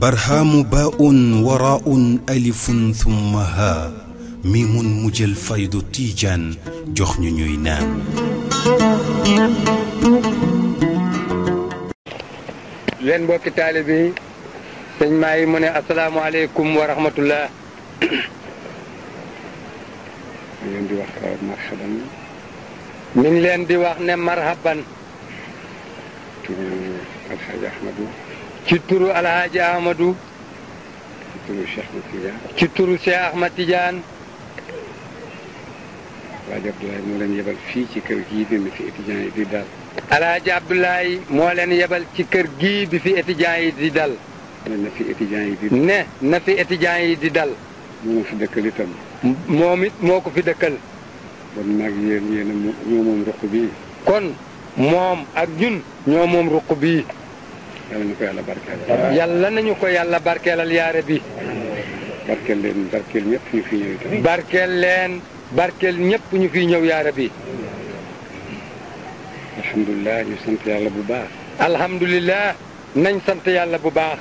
barhaamu baa waraa un alifun haa mi mun mujjal faydu tiijaan jox ñu ñuy naan. yéen mbokki taalibe yi sëñ maa mi ngi leen di wax ne marhaban ci turu Alhaji Ahmadou. ci turu Alhaji Ahmadou. ci turu Cheikh matijaan Tidiane. ci turu moo leen yebal fii ci kër gii fi étudiants yi di dal. moo leen yebal ci kër gii bi fi étudiants yi di dal. ne na fi étudiants yi di. ne na dal. moo fi dëkkal moom it moo ko fi dëkkal. kon nag yéen yéen ñoo moom ruq bii. kon moom ak ñun ñoo moom ruq bii. yàlla nañu ko yàlla barkeelal. ko yàlla barkeelal yaare bi. barkeel leen barkeel ñëpp ñu fi ñëw. ñëpp ñu fi ñëw yaare bi. alhamdulilah ñu sant yàlla bu baax. alhamdulilah nañ sant yàlla bu baax.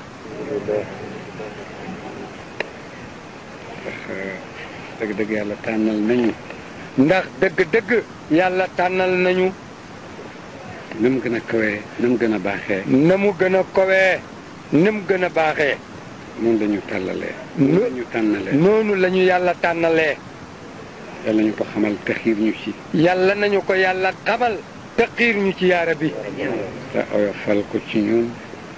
dëgg-dëgg yàlla tànnal nañu. ndax dëgg-dëgg yàlla tànnal nañu na gën a kawee na gën a baaxee na mu gën a kawee na gën a baaxee noonu la ñu tàllalee noonu ñu tànnalee noonu lañu yàlla tànnalee yàlla ñu ko yàlla nañu ko yàlla xamal te xiir ñu ci yaare bi te oyofal ko ci ñun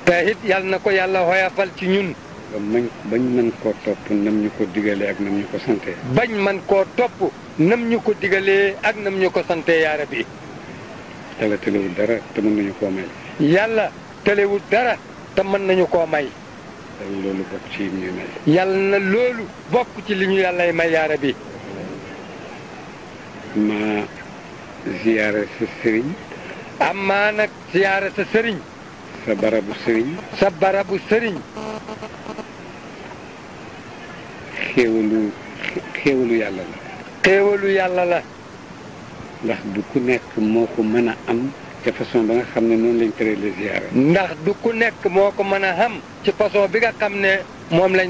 te it yàlla na ko yàlla oyofal ci ñun ba mañ bañ mën koo topp nam ñu ko digalee ak nam ñu ko sante bañ man koo topp nam ñu ko digalee ak nam ñu ko sante yaara bi yàlla tëlewul dara te mën nañu koo may yàlla telewul dara te mën nañu koo may yàlla ci ñuy na loolu bokk ci li ñu yàllay may yaara bi ma ziyaara sa sëriñ amaa nag ziyaara sa sëriñ sa barabu sëriñ sa barabu sëriñ xéewalu xéewalu yàlla la xéewalu yàlla la ndax du ku nekk moo ko mën a am ca façon ba nga xam ne noonu lañ tëralee ziyaara ndax du ku nekk moo ko mën a am ci façon bi nga xam ne moom lañ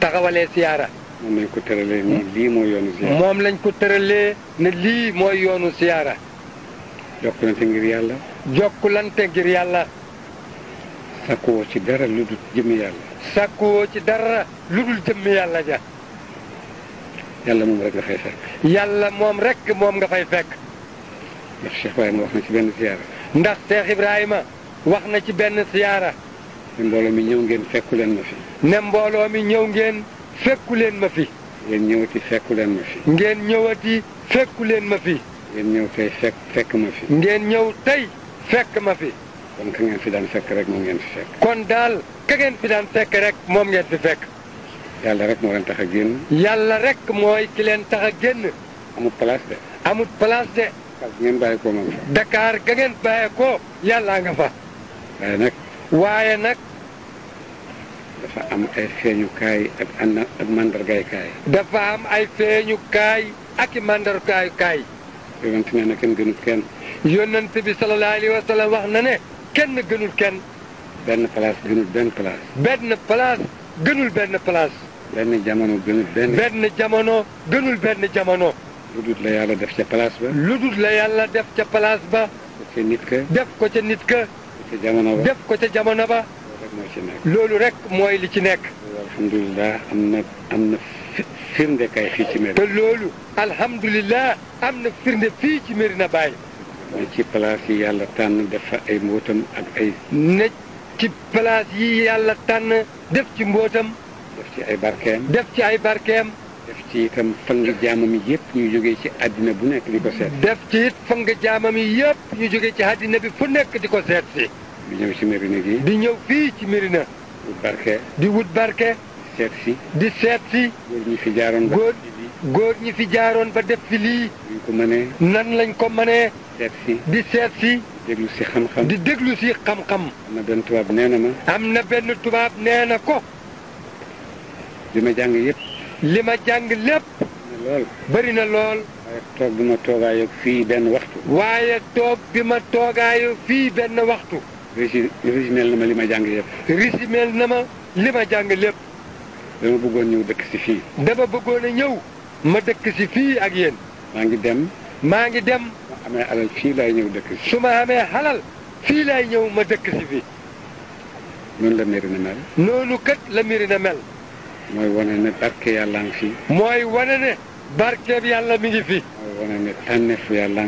taxawalee ziyaara moom lañ ko tëralee ne lii mooy yoonu ziyaara moom lañ ko tëralee ne lii mooy yoonu ziyaara jokkulante ngir yàlla jokkulante ngir yàlla sakkuwoo ci dara lu dul jëmmi yàlla sakkuwoo ci dara lu dul jëmmi yàlla ja yàlla moom rek nga fay fekk. yàlla moom rek moom nga fay fekk. ndax Cheikh Ibrahima wax na ci benn siyaara. ndax Cheikh Ibrahima wax na ci benn siyaara. ne mbooloo mi ñëw ngeen fekku leen ma fi. ne mbooloo mi ñëw ngeen fekku leen ma fi. ngeen ñëwati fekku leen ma fi. ngeen ñëwati fekku leen ma fi. ngeen ñëw tey fekk fekk ma fi. ngeen ñëw tey fekk ma fi. kon ka ngeen fi daan fekk rek moom ngeen fi fekk. kon daal ka ngeen fi daan fekk rek moom ngeen fi fekk. yàlla rek moo leen tax a génn. yàlla rek mooy ki leen tax a génn. amut place de. amut place de. Dakar ga ngeen bàyyi koo ma nga fa. yàllaa nga fa. waaye nag. waaye nag. dafa am ay feeñukaay ak ànd ak mandargaay ay feeñukaay ak i mandargaay kaay. yonent nee na kenn gënul kenn. yonent bi wa wax na ne kenn gënul kenn. benn place gënul benn place. benn gënul benn place. benn jamono gënul benn. benn jamono gënul benn jamono. lu dut la yàlla def ca place ba. lu dut la yàlla def ca place ba. def ko ca nit ka. def ko ca nit ka. jamono ba. def ko ca jamono ba. loolu rek mooy li ci nekk. alhamdulilah am na am firnde kay fii ci Medina. te loolu alhamdulilah am na firnde ci Medina Baye. ci place yi yàlla tànn def ay mbootam ak ay. ci place ci mbootam. ci ay barkeem. def ci ay barkeem. def ci itam fang jaamam yëpp ñu jógee ci àddina bu nekk di ko seet. def ci it fang jaamam yëpp ñu jógee ci àddina bi fu nekk di ko seet si. di ñëw ci Mérina gi. di ñëw fii ci Mérina. wut barke. di wut barke. di seet si. di seet si. góor ñi fi jaaroon ba. góor góor ñi fi jaaroon ba def fi lii. ñu ko mënee. nan lañ ko mënee. seet si. di seet si. di déglu si xam-xam. di déglu si xam-xam. am na benn tubaab nee na ma. am na benn tubaab nee na ko. li ma jàng yëpp. li ma jàng lépp. lool na lool. waaye toog bi ma toogaayu fii benn waxtu. waaye toog bi ma toogaayu fii benn waxtu. rési résimel na ma li ma jàng yëpp. résimel na ma li ma jàng lépp. dama bëggoon ñëw dëkk si fii. dama bëggoon ñëw. ma dëkk si fii ak yéen. maa ngi dem. maa ngi dem. ma amee alal fii laay ñëw dëkk si. su ma amee alal fii laay ñëw ma dëkk si fii. noonu la Mérina mel. noonu kat la Mérina mel. mooy wane ne barke yàlla ngi fi. mooy wane ne. yàlla mi ngi fi.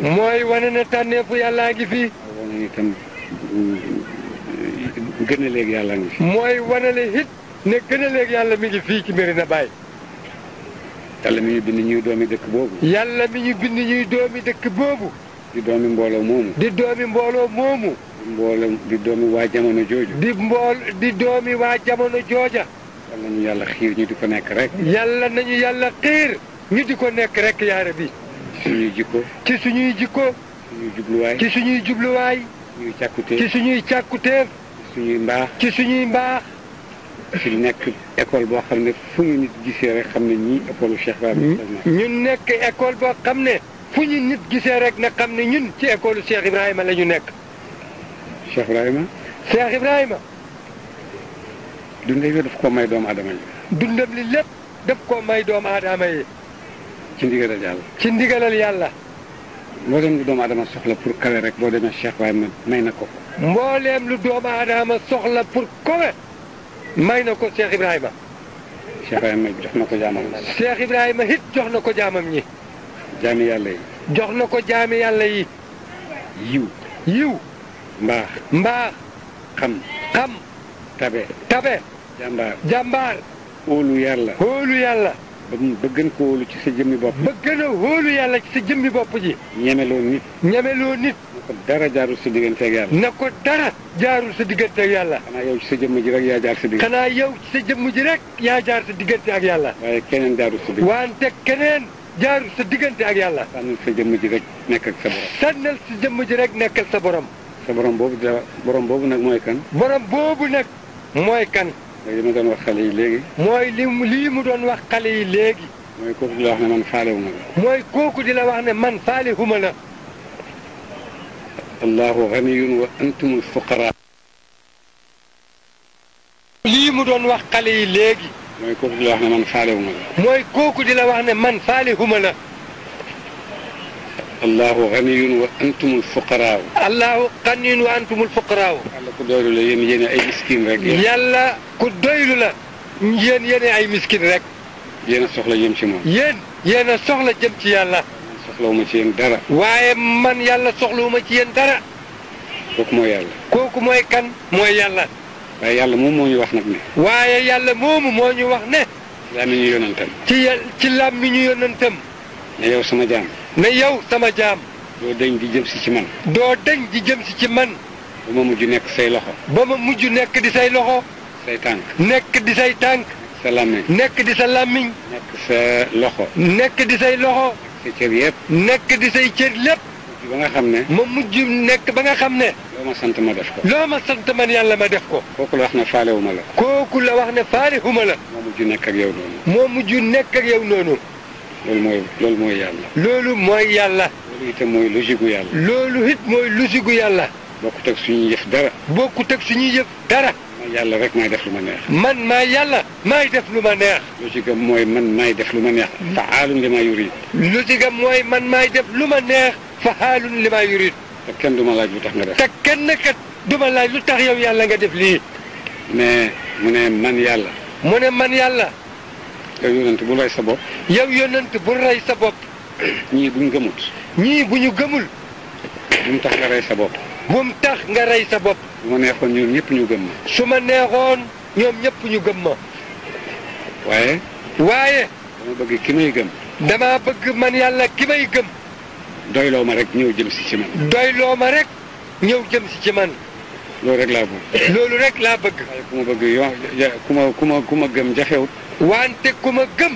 mooy wane ne tànneefu yàlla ngi fi. mooy wane ne tànneefu yàlla ngi fi. mooy wane ne itam mm, gën yàlla ngi ne it léegi yàlla mi ngi fii ci Medina Baye. yàlla mi ñu bind ñuy doomi dëkk boobu. yàlla mi ñu bind ñuy doomi dëkk boobu. di doomi mbooloo moomu. di doomi mbooloo moomu. mbooloo di doomi waa jamono jooju. di mbool di doomi waa jamono jooja. yàlla nañu yàlla xiir ñu di ko nekk rek. yàlla nañu yàlla xiir ñu di ko nekk rek yaara bi. ci suñuy jikko. ci suñuy jikko. suñuy jubluwaay. ci suñuy jubluwaay. suñuy càkkutéef ci suñuy càkkutéef. ci suñuy mbaax. ci suñuy mbaax. ci nekk école boo xam ne fu ñu nit gisee rek xam ne ñii école Cheikh Ibrahima Niass école boo xam ne fu ñu nit gisee rek na xam ne ñun ci école Cheikh Ibrahima la ñu nekk. Cheikh Ibrahima. dundam li daf koo may doomu adama yi. dundam li lépp daf koo may doomu aadama yi. ci ndigalal yàlla. ci ndigalal mbooleem lu doomu aadama soxla pour kawe rek boo demee Cheikh waaye may na ko. mbooleem lu doomu aadama soxla pour kawe may na ko Cheikh Ibrahima. Cheikh ma jox na ko jaamam ñi. Cheikh Ibrahima it jox na ko jaamam ñi. jaami yàlla yi. jox na ko jaami yàlla yi. yiw. yiw. mbaax. mbaax. xam. xam. tabe. tabe. jàmbaar jàmbaar. wóolu yàlla. wóolu yàlla. ba gën ko wóolu ci sa jëmmi bopp. ba gën a wóolu yàlla sa jëmmi bopp ji. ñemeloo nit. ñemeloo nit. na ko dara jaarul sa digganteeg yàlla. na ko dara jaarul sa digganteeg yàlla. xanaa ci sa jëmm ji rek yaa jaar sa diggante. xanaa yow ci sa jëmm ji rek yaa jaar sa diggante ak yàlla. waaye keneen jaarul sa diggante. wante keneen jaarul sa diggante ak yàlla. sànnal sa jëmm ji rek nekk sa borom. jëmm ji rek nekkal sa borom. sa borom boobu da borom boobu nag mooy kan. borom boobu nag mooy kan. léegi li mu doon wax xale yi léegi. mooy li lii mu doon wax xale yi léegi. mooy kooku di la wax ne man faale wu ma la. mooy kooku di la wax ne man faale wu ma la. allahu ganiyun wa antumul fuqara. lii mu doon wax xale yi léegi. mooy kooku di la wax ne man faale wu ma la. mooy kooku di la wax ne man faale wu ma la. الله غني وانتم الفقراء الله غني وانتم الفقراء يلا كدير لا يين يين اي مسكين رك يلا كدويلو لا يين يين اي مسكين رك يين سوخلا يم سي مون يين يين سوخلا جيم سي يالا سوخلوما سي يين دارا واي مان يالا سوخلوما سي يين دارا كوك مو يالا كوك موي كان موي يالا واي يالا مو موي واخ نك واي يالا مومو موي واخ نه لا مي يونتام تي تي لا مي يونتام ne yow sama jam ne yow sama jaam. doo deñ di jëm si ci man. doo deñ di jëm si ci man. ba ma mujj nekk say loxo. ba ma mujj nekk di say loxo. say tànk. nekk di say tànk. sa nekk di sa làmmiñ. nekk sa loxo. nekk di say loxo. sa cër yëpp. nekk di say cër lépp. ba nga xam ne. ma mujj nekk ba nga xam ne. loo ma sant ma def loo ma sant man yàlla ma def ko. kooku la wax ne faale wu la. kooku la wax ne faale wu ma la. moo mujj nekk ak yow noonu. moo mujj nekk ak yow noonu. loolu mooy loolu mooy yàlla. loolu mooy yàlla. loolu itam mooy logique gu yàlla. loolu it mooy logique gu yàlla. bokkut ak suñuy yëf dara. bokkut ak suñuy yëf dara. man yàlla rek maay def lu ma neex. man maa yàlla. maay def lu ma neex. logique am man maay def lu ma neex. fa'aalun li maa yurid. logique mooy man maay def lu ma neex. fa'aalun li maa yurid. te kenn du ma laaj lu tax nga def. te kenn kat du ma laaj tax yow yàlla nga def lii. mais mu ne man yàlla. mu ne man yàlla. yow yonent bul rey sa bopp. yow yonent bul rey sa bopp. ñii buñ gëmut. ñii bu ñu gëmul. bu mu tax nga rey sa bopp. bu mu tax nga rey sa bopp. su ma neexoon ñoom ñëpp ñu gëm ma. su ma neexoon ñoom ñëpp ñu gëm waaye. waaye. dama bëgg ki may gëm. dama bëgg man yàlla ki may gëm. doyloo ma rek ñëw jëm si ci man. doyloo ma rek ñëw jëm si ci man. loolu rek laa bëgg. loolu rek laa bëgg. waaye ku ma bëgg ku ma ku ma gëm jaxewut. وانت كم قم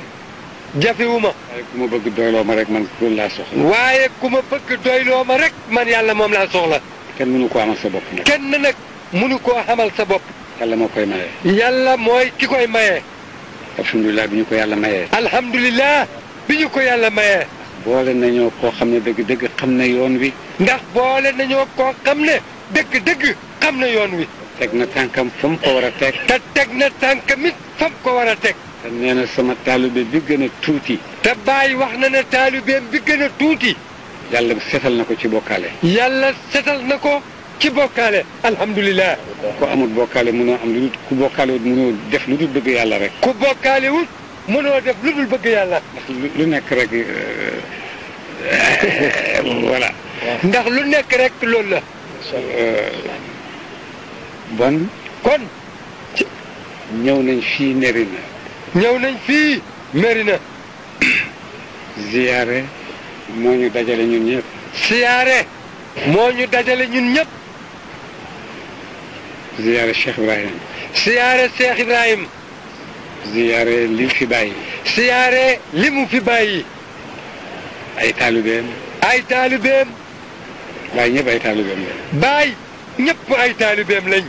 جفي وما كم بك دويلو مرك من كل لا سوخ واي كم بك دويلو مرك من يالا موم لا سوخ لا كن منو كو حمل سبوب كن نك منو كو حمل سبوب يالا مو كوي ماي يالا موي كي كوي ماي الحمد لله بيني كو يالا ماي الحمد لله بيني كو يالا ماي بولا نانيو كو خامني دك دك خامنا يون وي نخ نعم، بولا نانيو كو خامني دك دك خامنا يون وي تكنا تانكم فم كو ورا تانكم فم كو te na sama taalibe bi tuuti. te Baye wax na ne taalibeem bi gën tuuti. yàlla setal na ko ci bokkaale. yàlla setal na ko ci bokkaale. alhamdulilah. ku amul bokkaale mënoo am lu dul ku bokkaale wut mënoo def lu dul bëgg yàlla rek. ku bokkaale wut mënoo def lu dul bëgg yàlla. ndax lu nekk rek euh, euh, voilà. ndax lu nekk rek loolu la. Euh, bon. kon. ñëw nañ fii neri ñëw nañ fii Mérina ziyaare moo dajale ñun ñëpp ziyaare moo ñu dajale ñun ñëpp ziyaare Cheikh Ibrahim ziyaare Cheikh Ibrahim ziyaare li mu fi bàyyi ziyaare limu fi bàyyi ay taalibeem ay taalibeem bàyyi ñëpp ay taalibeem lañ bàyyi ñëpp taalibeem lañ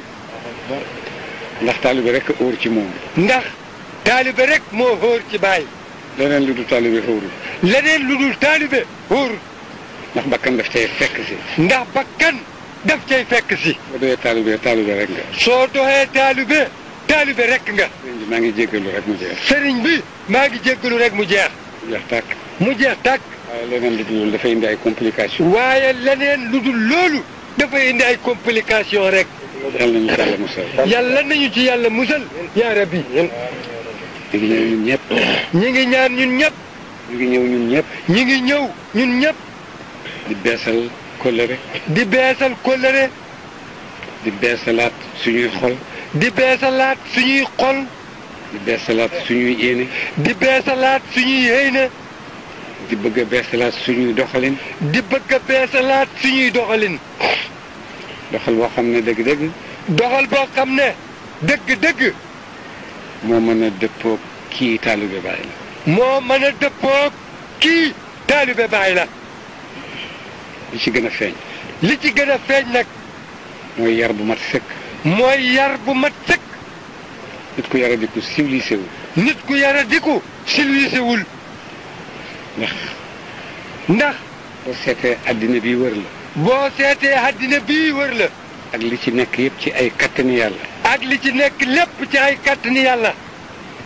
ndax rek óor ci moom taalibe rek moo xóor ci baay leneen lu dul taalibe xóorul leneen lu dul taalibe xóorul ndax bakkan daf cay fekk si ndax bakkan daf cay fekk si soo doxee taalibe taalibe rek nga soo doxee taalibe taalibe rek nga sëriñ bi maa ngi jéggalu rek mu jeex sëriñ bi maa ngi jéggalu rek mu jeex mu jeex tàkk mu jeex tàkk waaye leneen lu dul loolu dafay indi ay complication waaye leneen lu dul loolu dafay indi ay ñu ngi ñëw ñun ñëpp. ñu ngi ñaan ñun ñëpp. ñëw ñun ñëpp. ñu ngi ñëw ñun ñëpp. di beesal kóllëre. di beesal kóllëre. di beesalaat suñuy xol. di beesalaat suñuy xol. di beesalaat suñuy yéene. di beesalaat suñuy yéene. di bëgg a beesalaat suñuy doxalin. di bëgg a beesalaat suñuy doxalin. doxal boo xam ne dëgg-dëgg. moo mën a dëppoog kii taalibe baay moo mën a dëppoog kii taalibe baay la. li ci gën a feeñ. li ci gën a feeñ nag. mooy yar bu mat sëkk. mooy yar bu mat sëkk. nit ku yara diku civilisé wul. nit ku yar yara diku civilisé wul. ndax. ndax. boo seetee addina bi wër la. boo seetee addina bi wër la. ak li ci nekk yëpp ci ay kattani yàlla. ak li ci nekk lépp ci ay kàttanu yàlla.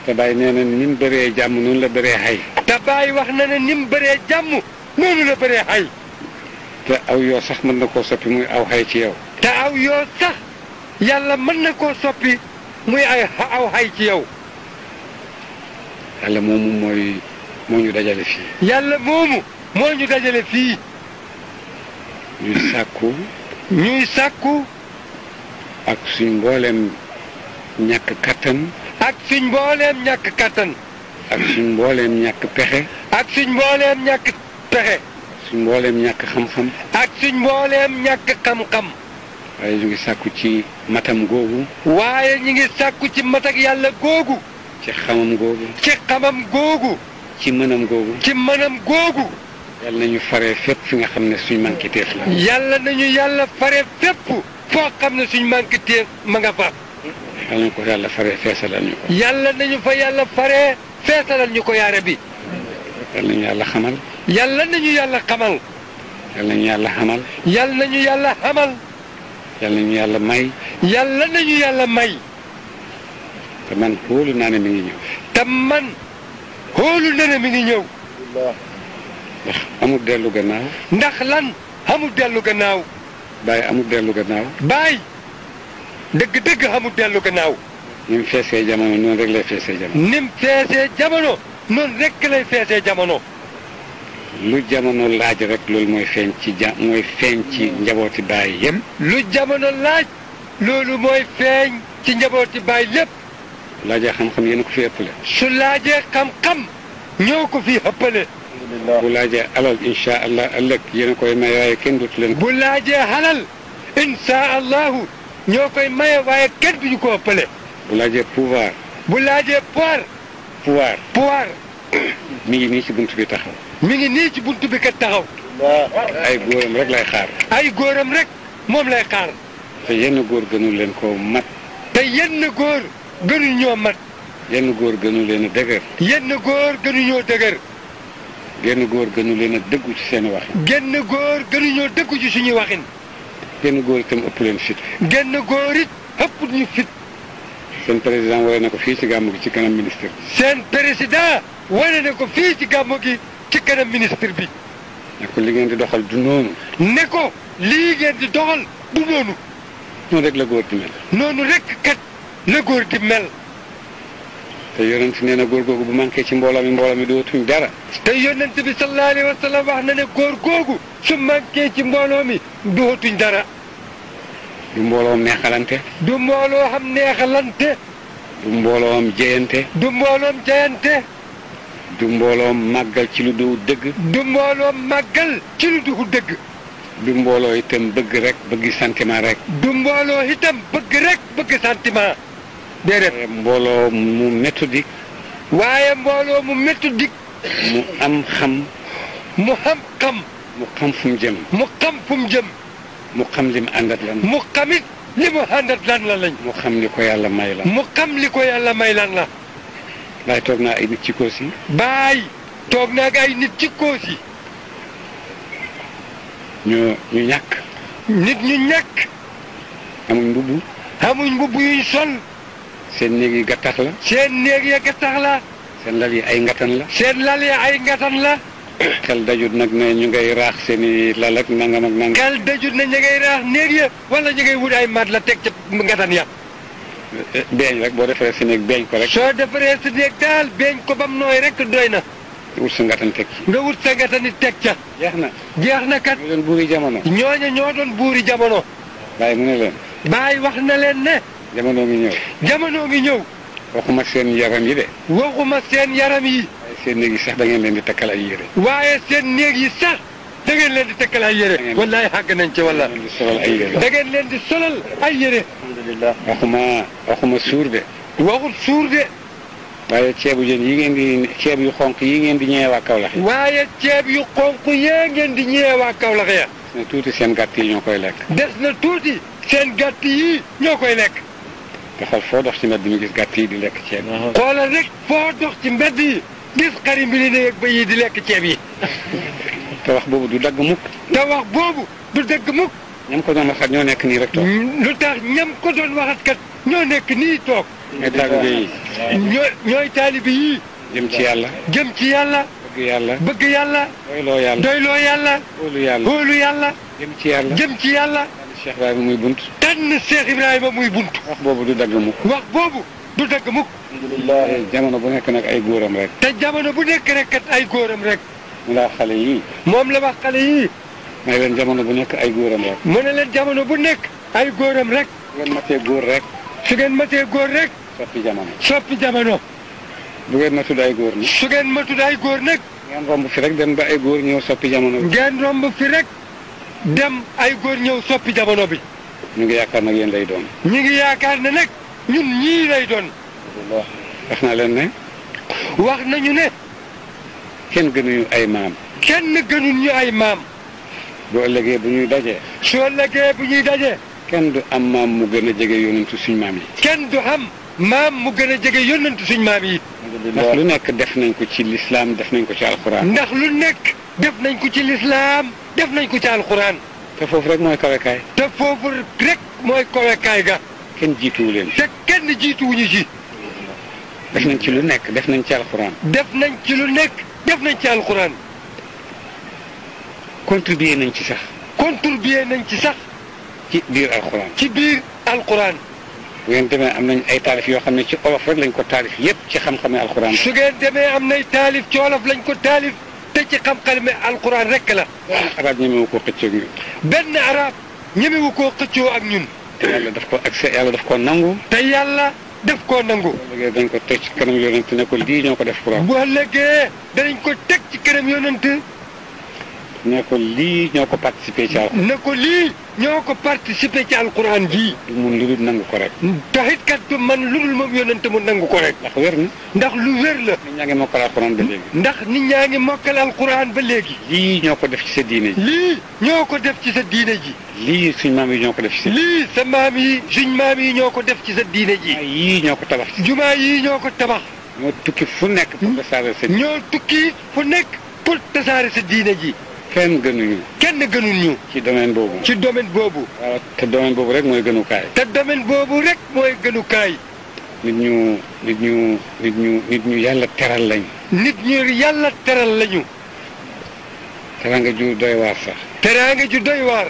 te Baye nee na ni mu bëree jàmm noonu la bëree xay. te Baye wax na ne ni mu bëree jàmm noonu la bëree xay. te aw yoo sax mën na koo soppi muy aw xay ci yow. te aw yoo sax yàlla mën na koo soppi muy ay aw xay ci yow. yàlla moomu mooy moo ñu dajale fii. yàlla moomu moo ñu dajale fii. ñuy sàkku. ñuy sàkku. ak suñ mbooleem ñàkk kattan. ak suñ mbooleem ñàkk kattan. ak suñ mbooleem ñàkk pexe. ak suñ mbooleem ñàkk pexe. suñ mbooleem ñàkk xam-xam. ak suñ mbooleem ñàkk xam-xam. waaye ñu ngi sàkku ci matam googu. waaye ñu ngi sàkku ci mat matak yàlla googu. ci xamam googu. ci xamam googu. ci mënam googu. ci mënam googu. yàlla nañu fare fépp fi nga xam ne suñ manqué teef la. yàlla nañu yàlla fare fépp. foo xam ne suñ manqué téye ma nga faat. ko yàlla faree feesalal ñu ko. yàlla nañu fa yàlla faree feesalal ñu ko yaare bi. yal nañu yàlla xamal. yàlla nañu yàlla xamal. yal yàlla xamal. yal nañu yàlla xamal. yal nañu yàlla may. yàlla nañu yàlla may. te man xoolu naa mi ngi ñëw. te man xoolu na mi ngi ñëw. ndax amul dellu gannaaw. ndax lan amul dellu gannaaw. Baye amul dellu gannaaw. Baye dëgg-dëgg amul dellu gannaaw. ni mu feesee jamono noonu rek lay feesee jamono. ni mu feesee jamono noonu rek lay feesee jamono. lu jamono laaj rek loolu mooy feeñ ci ja mooy feeñ ci njabooti baay yëpp. lu jamono laaj. loolu mooy feeñ ci njabooti baay lépp. laajee xam-xam yéen ko fi ëppale. su laajee xam-xam ñoo ko fi ëppale. bu laajee alal incha allah ëllëg yéen a koy maye waaye kenn dootu leen ko. bu laajee alal incha allahu kenn duñu ko ëppale. bu laajee pouvoir. bu laajee pouvoir. pouvoir mi ngi nii ci buntu bi taxaw. mi ngi nii ci buntu bi kat taxaw. ay góoram rek lay xaar. ay góoram rek moom lay xaar. te yenn góor gënul leen koo mat. te yenn góor gënul ñoo mat. yenn góor gënul leen a dëgër. yenn góor gënuñoo dëgër. genn góor gënu leen a dëggu ci seen waxin. génn góor ñoo dëggu ci suñuy waxin. genn góor itam ëpp leen fit. génn góor it ëpp ñu fit. seen président wane na ko fii ci gàmmu gi ci kanam ministre bi. seen président wane na ko fii ci gàmmu gi ci kanam ministre bi. ne ko li ngeen di doxal du noonu. ne ko lii ngeen di doxal du noonu. noonu rek la góor di mel. noonu rek kat la góor di mel. te yonent ne na góor googu bu manqué ci mbooloo mi mbooloo mi dootuñ dara te yonent bi sallallahu alayhi wa wax na ne góor googu su manqué ci mbooloo mi dootuñ dara du mbooloom neexalante du mbooloo xam neexalante du mbooloom jeyante du mbooloom jeyante du mbooloom màggal ci lu du dëgg du mbooloom màggal ci lu du dëgg du mbooloo itam bëgg rek bëgg sentiment rek du mbooloo itam bëgg rek bëgg sentiment déedéet mbooloo mu méthodique. waaye mbooloo mu méthodique. mu am xam. mu xam xam. mu xam mu jëm. mu xam fu mu jëm. mu xam li mu àndat lan. mu xamit li mu àndat lan la lañ. mu xam li ko yàlla may lan. mu xam li yàlla may lan la. baay toog naa ay nit ci Kossy. baay toog naa ay nit ci Kossy. ñu ñu ñàkk. nit ñu ñàkk. amuñ mbubb. amuñ mbubb yuñ sol. seen néeg yi gattax la. seen néeg ya gattax la. seen lal yi ay ngatan la. seen lal yi ay ngatan la. xel dajut nag ne ñu ngay raax seen i lal ak nangam ak nangam. ne ñu ngay raax néeg ya wala ñu ngay ay mat la teg ca ngatan ya. beeñ rek boo defaree si néeg beeñ ko rek. soo defaree si néeg daal beeñ ko bam nooy rek doy na. wut sa ngatan teg nga wut sa ngatan teg ca. jeex na jeex na kat. ñoo doon buuri jamono. ñooñu ñoo doon buuri jamono. bàyyi mu ne leen. bàyyi wax na leen ne. jamono ngi ñëw. jamono ngi ñëw. waxuma seen yaram yi de. waxuma seen yaram yi. waaye seen néeg yi sax da ngeen leen di takkal ay yére. waaye seen néeg yi sax da ngeen leen di takkal ay yére. wallaay xàgg nañ ci walla. da ngeen leen di solal ay yére. alhamdulilah waxuma waxuma suur de. waxut suur de. waaye ceebu jën yi ngeen di ceeb yu xonq yi ngeen di ñëwee waa Kaolack. waaye ceeb yu xonq yee ngeen di ñëwee waa Kaolack ya. des na tuuti seen gàtt yi ñoo koy lekk. des na tuuti seen gàtt yi ñoo koy lekk. nga xool foo ci mbedd ñu gis gàtt yi di lekk ceeb. xoolal rek foo dox ci mbedd yi gis xarim bi bay yi di lekk ceeb yi. te wax boobu du dagg mukk. te wax boobu du dagg mukk. ñam ko doon waxat ñoo nekk nii rek lu tax ñam ko doon waxat kat ñoo nekk nii toog. ñooy taalibe yi. ñooy ñooy taalibe ci yàlla. jëm ci yàlla. yàlla bëgg yàlla. doyloo yàlla doyloo yàlla. yàlla wóolu ci yàlla. Cheikh Ibrahima muy bunt. tànn Cheikh Ibrahima muy bunt. wax boobu du dagg mukk. wax boobu du dagg mukk. alhamdulilah jamono bu nekk nag ay góoram rek. te jamono bu nekk rek kat ay góoram rek. mu laa xale yii. moom la wax xale yii. mu ne leen jamono bu nekk ay góoram rek. mu ne leen jamono bu nekk ay góoram rek. su ngeen matee góor rek. su ngeen matee góor rek. soppi jamono soppi jamono. bu ngeen matud ay góor nag. su ngeen matud ay góor nag. ngeen romb fi rek dem ba ay góor ñëw soppi jamono. ngeen romb fi rek. dem ay góor ñëw soppi jamono bi. ñu ngi yaakaar na yéen lay doon. ñu ngi yaakaar na nag ñun ñii lay doon. waaw wax naa leen ne. wax nañu ne. kenn gënuñu ay maam. kenn gënuñu ay maam. bu ëllëgee bu ñuy dajee. su ëllëgee bu ñuy dajee. kenn du am maam mu gën a jege yónnantu suñ maam yi. kenn du am maam mu gën a jege yónnantu suñ maam yi. ndax lu nekk def nañ ko ci lislaam def nañ ko ci alxuraan. ndax lu nekk. def nañ ko ci lislaam def nañ ko ci alquran te foofu rek mooy kawekaay. te foofu rek mooy kawekaay ga. kenn jiituwu leen. te kenn wuñu ji. def nañ ci lu nekk def nañ ci alquran def nañ ci lu nekk def nañ ci alquran contribuer nañ ci sax. contribuer nañ ci sax. ci biir alquran ci biir alquran bu ngeen demee am nañ ay taalif yoo xam ne ci olof rek lañ ko taalif yépp ci xam-xame alquran su ngeen demee am nay taalif ci olof lañ ko taalif. te ci xam-xam alquran rek la. arab ñemewu koo xëccoo ak ñun. benn arab ñemewu koo xëccoo ak ñun. te yàlla daf ko accès yàlla daf ko nangu. te yàlla daf koo nangu. bu ëllëgee dañ ko teg ci kanam yonent ne ko lii ñoo ko def quran. bu ëllëgee danañ ko teg ci kanam yonent. ne ko lii ñoo ko participé ci alquran. ne ko lii. ñoo ko participé ci alquran ji. du mun lu dul nangu ko rek. taxit kat du man lu dul moom yónnante mu nangu ko rek. ndax wér ndax lu wér la. nit ñaa ngi mokkal alquran ba léegi. ndax nit ñaa ngi mokkal alquran ba léegi. lii ñoo ko def ci sa diine ji. lii ñoo ko def ci sa diine ji. lii suñ maam yi ñoo ko def ci sa. lii sa maam yi suñ maam ko def ci sa diine ji. jumaa yii ñoo ko tabax. jumaa yi ñoo ko tabax. ñoo tukki fu nekk. pour tasaare sa diine ñoo tukki fu nekk pour tasaare sa diine ji. kenn gënuñu. kenn gënuñu. ci domaine boobu. ci domaine boobu. waaw te domaine boobu rek mooy gënukaay. te domaine boobu rek mooy gënukaay. nit ñu nit ñu nit ñu nit ñu yàlla teral lañu. nit ñu yàlla teral lañu. teraanga ju doy waar sax. teraanga ju doy waar.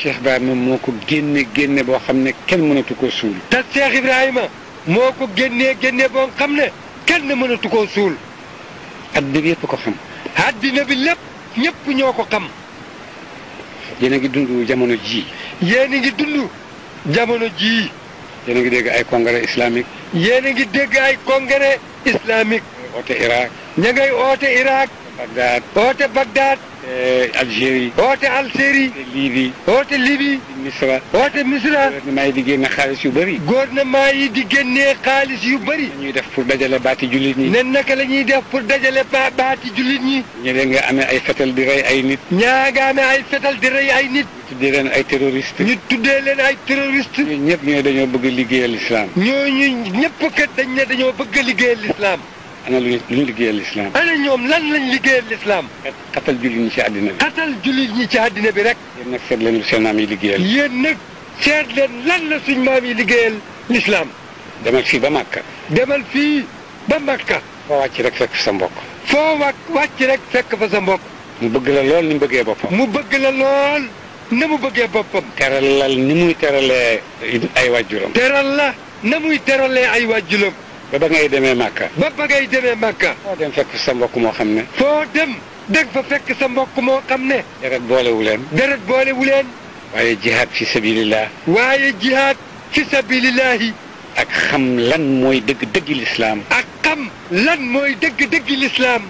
Cheikh Ibrahima moo ko génne génne boo xam ne kenn mënatu koo suul. te Cheikh Ibrahima moo ko génnee génne boo xam ne kenn mënatu koo suul. addina bi yëpp ko xam. addina bi lépp. ñëpp ñoo ko xam. yéen a ngi dund jamono ji yéen a ngi dund jamono jii. yéen a ngi dégg ay congrès islamique. yéen a ngi dégg ay congrès islamique. oote Irak. ña ngay oote Irak. Bagdad oote Bagdad. Algérie woote Algérie Libye woote Libye Misra woote Misra gouvernement yi di génne xaalis yu bëri gouvernement yi di génnee xaalis yu bëri ñuy def pour dajale baati jullit ñi nen naka la ñuy def pour dajale ba baati jullit ñi ñeneen nga amee ay fetal di rey ay nit ñaa nga amee ay fetal di rey ay nit ñu tuddee leen ay terroriste ñu tuddee leen ay terroriste ñun ñëpp ñooy dañoo bëgg liggéeyal islam ñooñu ñëpp kat dañ ne dañoo bëgg liggéeyal islam أنا لن لقي الإسلام أنا اليوم لن لن لقي الإسلام قتل جلي ني ci àddina bi قتل جلي ني ci àddina bi rek yéen nag seet leen lu seen maam yi liggéeyal yéen nag seet leen lan la suñ maam yi liggéeyal l'islam demal fii ba Makka demal fii ba Makka foo wàcc rek fekk sa mbokk foo wa wàcc rek fekk fa sa mbokk mu bëgg la lool ni mu bëggee boppam mu bëgg la lool na mu bëggee boppam teralal ni muy teralee ba ba ngay demee Màkka. ba ba ngay demee Màkka. foo dem fekk sa mbokk moo xam ne. foo dem dëgg fa fekk sa mbokk moo xam ne. deret boolewu leen. deret boolewu leen. waaye jihaad fi sabilillah. waaye jihaad fi sabilillahi. ak xam lan mooy dëgg dëggi lislaam. ak xam lan mooy dëgg dëggi lislaam.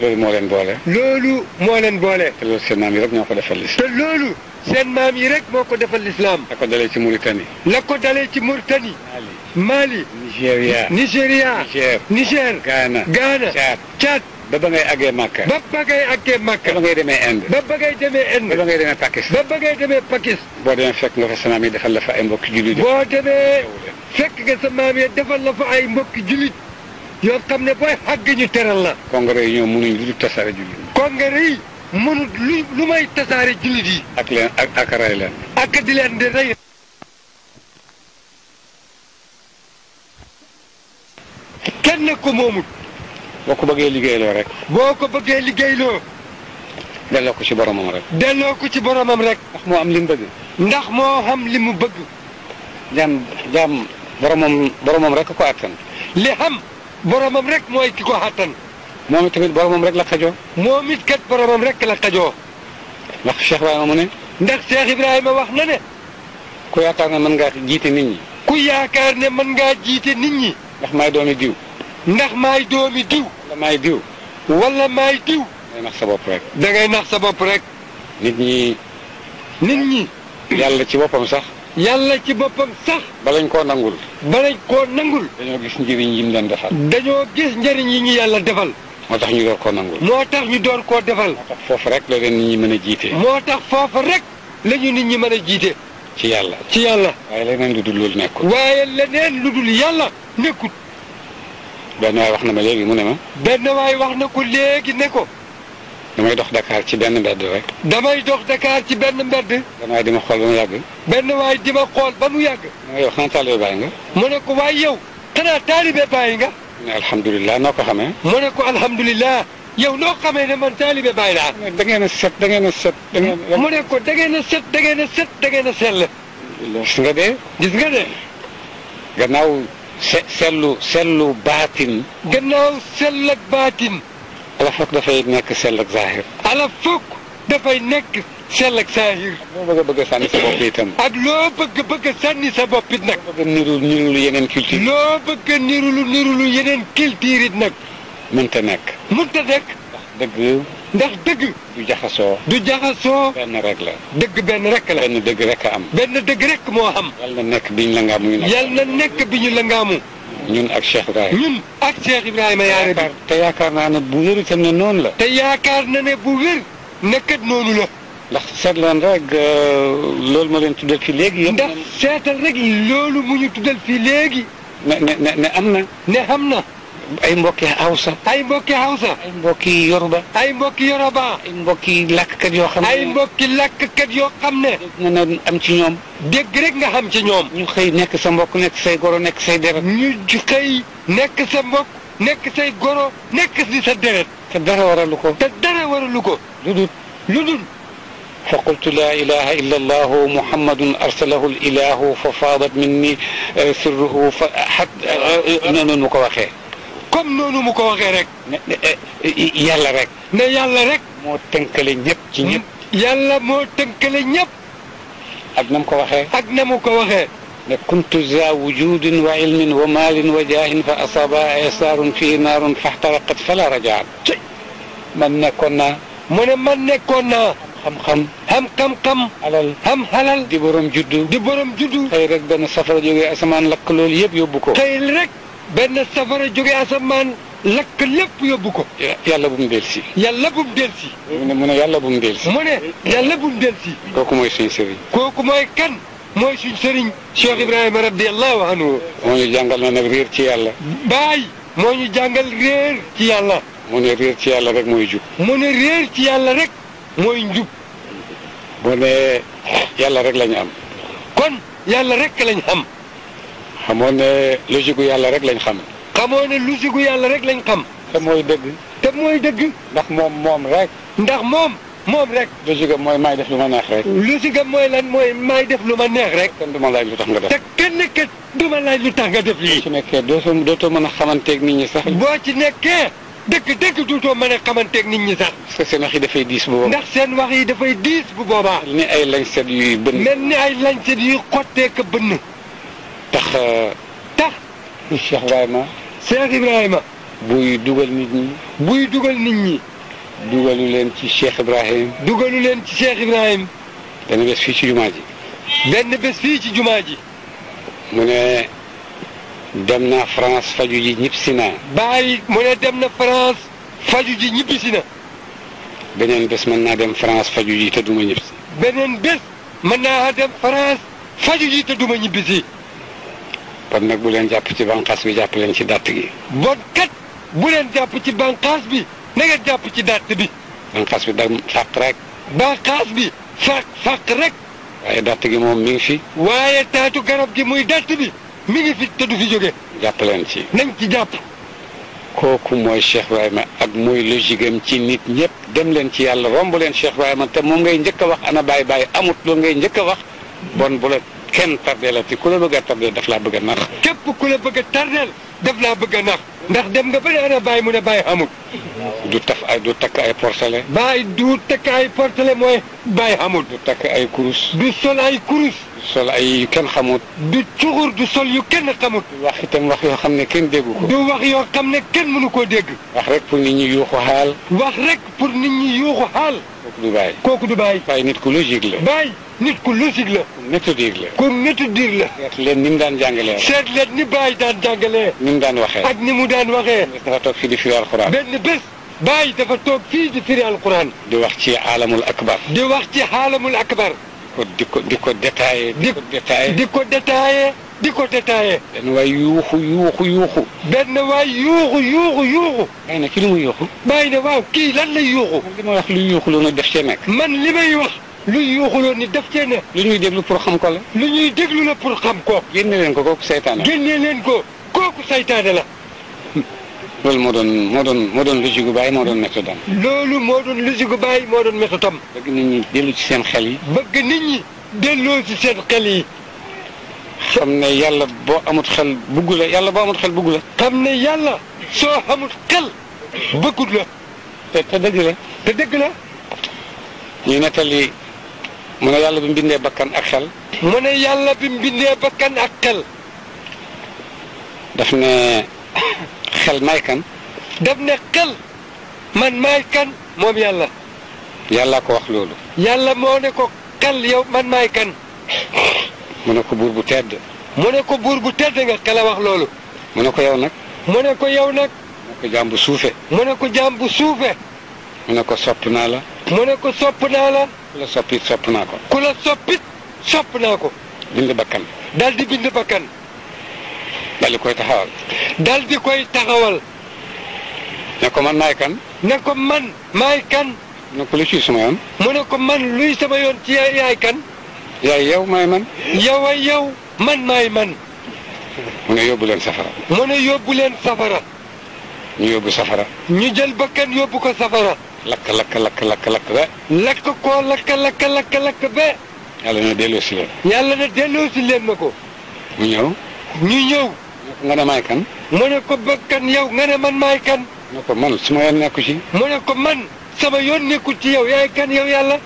loolu moo leen boole. loolu moo leen boole. te loolu seen maam yi rek ñoo ko defal lislaam. te loolu seen maam yi rek moo ko defal lislaam. la ko dalee ci Mauritanie. la ko dalee ci Mauritanie. Mali. Nigéria. Nigéria. Niger. Niger. Ghana. Ghana. Tchad. Tchad. ba ba ngay àggee Màkka. ba ba ngay àggee Màkka. ba ba ngay demee Inde. ba ba ngay demee Inde. ba ba ngay demee Pakistan. ba ba ngay demee Pakistan. boo demee fekk nga fa sa maam yi defal la fa ay mbokki jullit. boo demee fekk nga sa maam yi defal la fa ay mbokki jullit yoo xam ne booy xàgg ñu teral la. congrès yi ñoom mënuñ lu dul tasaare jullit. congrès yi. mënut lu lu may tasaare jullit yi. ak leen ak ak ray di leen di rey. kenn ko moomut. boo ko bëggee liggéeyloo rek. boo ko bëggee liggéeyloo. delloo ko ci boromam rek. delloo ko ci boromam rek. ndax moo am li mu bëgg. ndax moo xam li mu bëgg. jaam jaam boromam boromam rek ko attan. li boro boromam rek mooy ki ko attan. moom it tamit boromam rek la xajoo. moom it kat boromam rek la xajoo. ndax Cheikh Ibrahima mu ne. ndax Cheikh wax na ne. ku yaakaar ne mën ngaa jiite nit ñi. ku yaakaar ne mën ngaa jiite nit ñi. ndax maay doomi diw. ndax maay doomi diw. wala maay diw. wala maay diw. dangay nax sa bopp rek. dangay nax sa bopp rek. nit ñi. nit ñi. yàlla ci boppam sax. yàlla ci boppam sax. balañ koo nangul. balañ ko nangul. dañoo gis njëriñ yi mu defal. dañoo gis njëriñ yi ñu yàlla defal. moo tax ñu door koo nangul. moo tax ñu door koo defal. moo tax foofu rek la leen nit ñi mën a jiite. moo tax foofu rek la nit ñi mën a jiite. ci yàlla. ci yàlla. waaye leneen lu dul loolu nekkul. waaye leneen lu dul yàlla nekkul. benn waay wax na ma léegi mu ne ma. benn waay wax na ko léegi ne ko. damay dox Dakar ci benn mbedd rek. damay dox Dakar ci benn mbedd. benn di ma xool ba mu yàgg. benn waay di ma xool ba mu yàgg. mu ne yow xanaa taalibe bàyyi ne ko waay yow xanaa الحمد لله نوكا خامي مونيكو الحمد لله يو نو خامي ني مان تالي بي بايلا دا غينا سيت دا غينا سيت مونيكو دا غينا سيت دا غينا سيت دا غينا سيل شغادي ديسغادي غناو سيلو سيلو باتين غناو سيلك باتين على فوق دا فاي نيك سيلك ظاهر على فوق دا فاي نيك sell ak bëgg sa itam. ak loo bëgg bëgg a sànni sa bopp it nag. loo bëgg a niru niru lu yeneen culture. loo bëgg a lu niru yeneen culture it nag. mënta nekk. mënta nekk. ndax dëgg. dëgg. du jaxasoo. du jaxasoo. benn rek la. dëgg benn rek la. benn dëgg rek a am. benn dëgg moo am. yal na nekk bi ñu la ngaamu. yal na nekk bi ñu la ngaamu. ñun ak Cheikh Ibrahima. ñun ak Cheikh Ibrahima yaare bi. te yaakaar naa ne u wér itam ne noonu la. te yaakaar na ne bu wér nekkat noonu la. ndax seet leen rek euh, loolu ma leen tuddal fii léegi yëpp. ndax seetal rek loolu mu ñu tuddal fii léegi. ne ne ne am na. ne am na. ay mbokki Hausa. ay mbokki Hausa. ay mbokki Yoruba. ay mbokki Yoruba. ay mbokki làkkat yoo xam ne. ay mbokki làkkat yoo xam ne. dégg nga ne am ci ñoom. dégg rek nga xam ci ñoom. ñu xëy nekk sa mbokk nekk say goro nekk say deret. ñu xëy nekk sa mbokk nekk say goro nekk si sa deret. te dara waralu ko. te dara waralu ko. lu dul lu dul. فقلت لا إله إلا الله محمد أرسله الإله ففاضت مني آه، سره فحت آه، نونو مكو واخي كوم نونو مكو واخي رك آه، يالا رك ن يالا رك مو تنكلي نيب سي نيب يالا مو تنكلي نيب اك نام كو واخي اك نام كو واخي كنت ذا وجود وعلم ومال وجاه فأصاب يسار في نار فاحترقت فلا رجعت من كنا من من كنا xam-xam xam xam-xam alal xam halal di borom juddu di borom juddu xëy rek benn safara jógee asamaan lakk loolu yëpp yóbbu ko xëy rek benn safara jógee asamaan lakk lépp yóbbu ko yàlla bu mu delsi yàlla bu mu delsi mu ne yàlla bu mu delsi mu ne yàlla bu mu delsi koku mooy suñ sëriñ koku mooy kan mooy suñ sëriñ Cheikh Ibrahima radiallahu anhu moo ñu jàngal na nag réer ci yàlla baay moo ñu jàngal réer ci yàlla mu ne réer ci yàlla rek mooy jub mu ne réer ci yàlla rek mooy njub boo yàlla rek lañu am kon yàlla rek lañ xam xamoo ne logique gu yàlla rek lañ xam xamoo ne logique gu yàlla rek lañ xam te mooy dëgg te mooy dëgg ndax moom moom rek ndax moom moom rek logique am mooy maay def lu ma neex rek logique am mooy lan mooy maay def lu ma neex rek kenn du ma laaj lu tax nga def te kenn kat du ma laaj lu tax nga def lii boo ci nekkee dootoo mën a xamanteeg nit ñi sax boo ci nekkee dëgg dëgg duutoo mën a xamanteeg nit ñi sax. parce seen wax yi dafay diis bu ndax seen wax yi dafay diis bu boobaa. ni ay lañset yuy bënn. mel ni ay lañset yuy xottee ko bënn. tax. Euh, tax. Cheikh Ibrahima. Cheikh Ibrahima. buy dugal nit ñi. buy dugal nit ñi. dugalu leen ci Cheikh Ibrahim. dugalu leen ci Cheikh Ibrahim. benn bés fii ci jumaa ji. benn ci jumaa ji. dem naa France faju ji ñibbisi na. bàyyi mu ne dem na France faju ji ñibbisi na. beneen bés mën naa dem France faju ji te duma ñibbisi. beneen bés mën naa dem France faju ji te duma ñibbisi. bon nag bu leen jàpp ci bànqaas bi jàpp leen ci dàtt gi. bon kat bu leen jàpp ci bànqaas bi na jàpp ci dàtt bi. bànqaas bi dam fàq rek. bànqaas bi fàq fàq rek. waaye dàtt gi moom mi ngi fi. waaye taatu garab gi muy dàtt bi. mi ngi fi te du fi jóge jàpp leen ci nañ ci jàpp kooku mooy Cheikh ma ak mooy logique ci nit ñëpp dem leen ci yàlla romb leen Cheikh Ibrahima te moom ngay njëkk a wax ana bàyyi bàyyi amut loolu ngay njëkk a wax bon bu la kenn tardé la ku la bëgg a tardé daf laa bëgg a nax képp ku la bëgg a tardel daf laa bëgg a nax ndax dem nga ba ne ana bàyyi mu ne bàyyi amut du taf ay du takk ay portele bàyyi du takk ay portele mooy bàyyi amut du takk ay kurus du sol ay kurus sol ay yu kenn xamut. du cuxur du sol yu kenn xamut. wax itam wax yoo xam ne kenn déggu ko. du wax yoo xam ne kenn mënu koo dégg. wax rek pour nit ñi yuuxu xaal. wax rek pour nit ñi yuuxu xaal. kooku du bàyyi. kooku du bàyyi. bàyyi nit ku logique la. bàyyi nit ku logique la. ku méthodique la. ku méthodique la. seet leen ni mu daan jàngalee. seet leen ni bàyyi daan jàngalee. ni mu daan waxee. ak ni mu daan waxee. dafa toog fii di firi alxuraan. benn bés. bàyyi dafa toog fii di firi alxuraan. di wax ci aalamul akbar. di wax ci aalamul akbar. ko di ko di ko détaillé. di ko détaillé di ko détaillé di ko détaillé. benn waay yuuxu yuuxu yuuxu. benn waay yuuxu yuuxu yuuxu. bàyyi na ki lu mu yuuxu. bàyyi waaw kii lan lay yuuxu. man li ma wax lu yuuxu loolu def cee nekk. man li may wax. lu yuuxuloon ni def cee ne. lu ñuy déglu pour xam ko lu ñuy déglu la pour xam ko. génne leen ko kooku saytaane la. génne leen ko kooku saytaane la. loolu moo doon moo doon moo doon logique gu bàyyi moo doon méthode am. loolu moo doon logique gu bàyyi moo doon méthode am. bëgg nit ñi dellu ci seen xel yi. bëgg nit ñi delloo ci seen xel yi. xam ne yàlla boo amut xel bugg la yàlla boo amut xel bugg la. xam ne yàlla soo amut xel bëggut la. te te dëgg la. te dëgg la. ñuy nettali mu ne yàlla bi mu bindee bakkan ak xel. mu ne yàlla bi mu bindee bakkan ak xel. daf ne. xel may kan daf ne xel man maay kan moom yàlla yàlla ko wax loolu yàlla moo ne ko xel yow man maay mu ne ko buur bu tedd mu ne ko buur bu tedd nga xel wax loolu mu ne ko yow nag mu ne yow nag mu suufe mu ne ko jaam mu ne ko sopp naa la mu ne ko sopp naa la soppit sopp naa ko ku la sopp naa ko bind bakkan daal di bind bakkan dal di koy taxawal. di koy taxawal. ne ko man maay kan. ne ko man maay kan. ne ko lu ci sama yoon. mu ne ko man luy sama yoon ci yaay kan. yaay yow maay man. yow ay yow man maay man. mu ne yóbbu leen safara. mu ne yóbbu leen safara. ñu yóbbu safara. ñu jël ba bakkan yóbbu ko safara. lakk lakk lakk lakk lakk ba. lakk koo lakk lakk lakk lakk ba. yàlla na delloosi leen. yàlla na delloosi leen ma ko. mu ñëw. ñu ñëw. nga ne maay kan. mu ne ko bakkan yow nga ne man maay kan. ko man sama nekku ci. mu ne ko man sama yoon nekku ci yow yaay kan yow yàlla.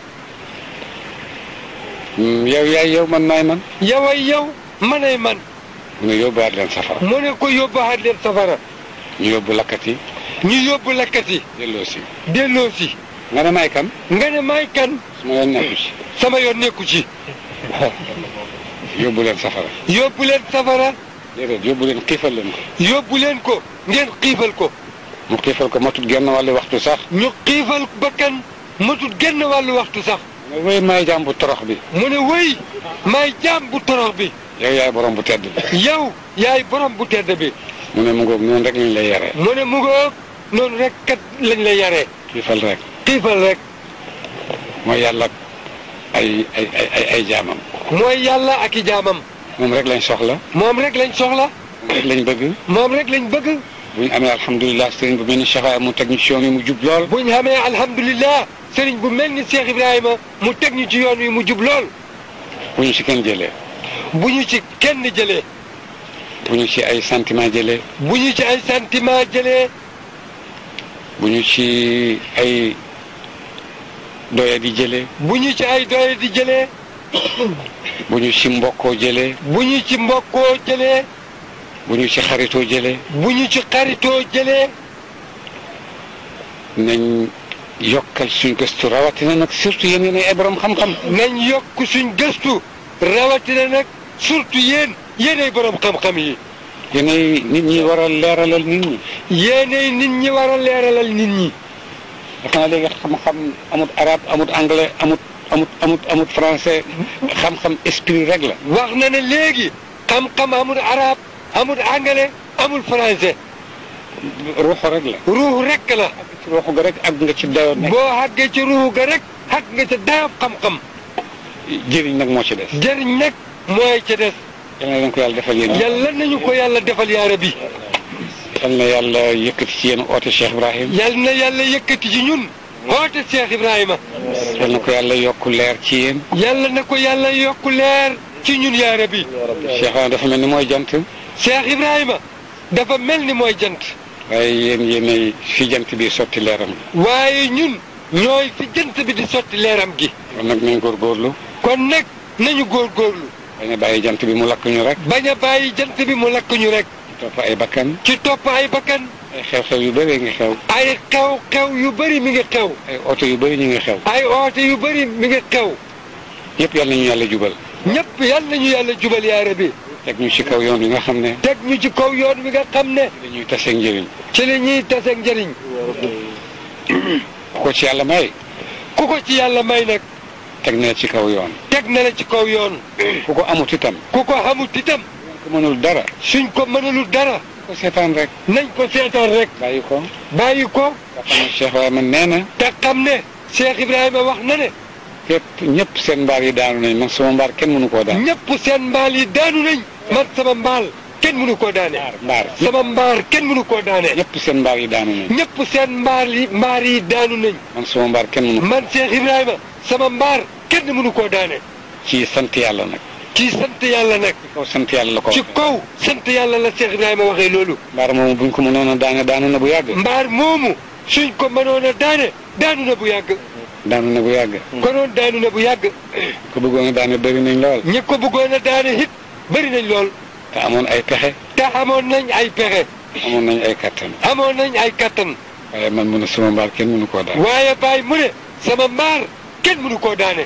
Mm, yow yaay man maay man. yow ay yow man man. mu ne yóbbuwaat leen safara. mu ne ko yóbbuwaat leen ñu yóbbu lakkat yi. ñu yóbbu lakkat yi. delloo si. delloo si. nga ne maay kan. nga ne maay kan. sama yoon nekku ci. sama yoon nekku ci. yóbbu leen safara. déedéet yóbbu leen xiifal leen ko. yóbbu leen ko ngeen xiifal ko. ñu xiifal ko matut genn wàllu waxtu sax. ñu xiifal bakkan matut genn wàllu waxtu sax. ma ne wéy jaam bu torox bi. mu ne wéy maay jaam bu torox bi. yow yaay borom bu tedd bi. yow yaay borom bu tedd bi. mu ne mu ngoog rek lañ lay yaree. mu ne mu ngoog noonu rek kat lañ lay yaree. xiifal rek. xiifal rek. mooy yàlla ay jaamam. mooy yàlla ak i jaamam. moom rek lañ soxla. moom rek lañ soxla. moom rek lañ bëgg. moom rek lañ bëgg. bu amee alhamdulilah sëriñ bu mel ni Cheikh mu teg ñu mu jub lool. bu amee alhamdulilah sëriñ bu mel ni Cheikh Ibrahima mu teg ñu yoon wi mu jub lool. bu ñu bu ñu ci kenn jëlee. bu ñu ci ay sentiment jëlee. bu ñu ci ay sentiment jëlee. bu ci ay doya di jëlee. bu ñu ci mbokkoo jëlee. bu ñu ci mbokkoo jële bu ñu ci xaritoo jële bu ñu ci xaritoo jëlee. nañ yokkal suñ gëstu rawatina nag surtout yéen yéen ay borom xam-xam. yokk suñ gëstu rawatina nag surtout yéen yéenay borom xam-xam yi. yéenay nit ñi war a leeralal nit ñi. yéenay leeralal nit ñi. dafa naa léegi xam-xam amut arab amut anglais amut. amut amut amut français. xam-xam esprit rek la. wax na ne léegi xam-xam amul arabe amul anglais amul français. ruuxu rek la. ruux rek la. ci ruuxu ga rek àgg nga ci dayoo nekk. boo àggee ci ruuxu ga rek àgg nga ci dayoo xam-xam. jëriñ nag moo ci des. jëriñ nag mooy ci des. yal nañu ko yàlla defal yéen. yal nañu ko yàlla defal yaa rabbi. yal na yàlla yëkkati ci yéen oote Cheikh Ibrahim. yal na yàlla yëkkati ci ñun. woote Cheikh Ibrahima. yal na ko yàlla yokk leer ci yéen. yàlla na ko yàlla yokk leer ci ñun yaa rabbi. Cheikh dafa mel ni mooy jant. Cheikh Ibrahima dafa mel ni mooy jant. waaye yéen yéenay fi jant bi sotti leeram. waaye ñun ñooy fi jant bi di sotti leeram gi. kon nag góor góorgóorlu. kon nag nañu góor bañ a bàyyi jant bi mu lakk ñu rek. bañ bàyyi jant bi mu lakk ñu rek. ci ci topp ay bakkan. ay xew-xew yu bëri ngi xew. ay xew-xew yu bëri mi ngi xew. ay oto yu bëri ñu ngi xew. ay oto yu bëri mi nga xew. ñëpp yal nañu yàlla jubal. ñëpp yal nañu yàlla jubal yaare bi teg ñu ci kaw yoon yi nga xam ne. teg ñu ci kaw yoon wi nga xam ne. ñuy taseeg njëriñ. ci ñuy taseeg njëriñ. ku ko ci yàlla may. ci yàlla may nag. teg na la ci kaw yoon. teg na la ci kaw yoon. ku ko amut itam. ku ko amut itam. suñ ko mënul dara. suñ ko mënul dara. ko seetaan rek. nañ ko seetaan rek. bàyyi ko. bàyyi ko. nga xam ne Cheikh Ibrahima nee na. te xam ne Cheikh Ibrahima wax na ne. képp ñëpp seen mbaal yi daanu nañ man sama mbaal kenn mënu koo daan. ñëpp seen mbaal yi daanu nañ. man sama mbaal kenn mënu koo daane. mbaar sama mbaar kenn mënu koo daane. ñëpp seen mbaal yi daanu nañ. ñëpp seen mbaal yi mbaar yi daanu nañ. man sama mbaal kenn mënu. man sama mbaar kenn mënu koo daane. ci sant yàlla nag. kii sant yàlla nag. ci kaw sant yàlla la ko ci kaw sant yàlla la Cheikh Ibrahima waxee loolu. mbaar moomu buñ ko mënoon a daane daanu na bu yàgg. mbaar moomu suñ ko mënoon a daane daanu na bu yàgg. daanu na bu yàgg. konoon daanu na bu yàgg. ko bëggoon a daane bëri nañ lool. ñi ko bëggoon a daane it bari nañ lool. te amoon ay pexe. te amoon nañ ay pexe. amoon nañ ay kattan. amoon nañ ay kattan. waaye man mu ne sama mbaar kenn koo daane. waaye baay mu ne sama mbaar mënu koo daane.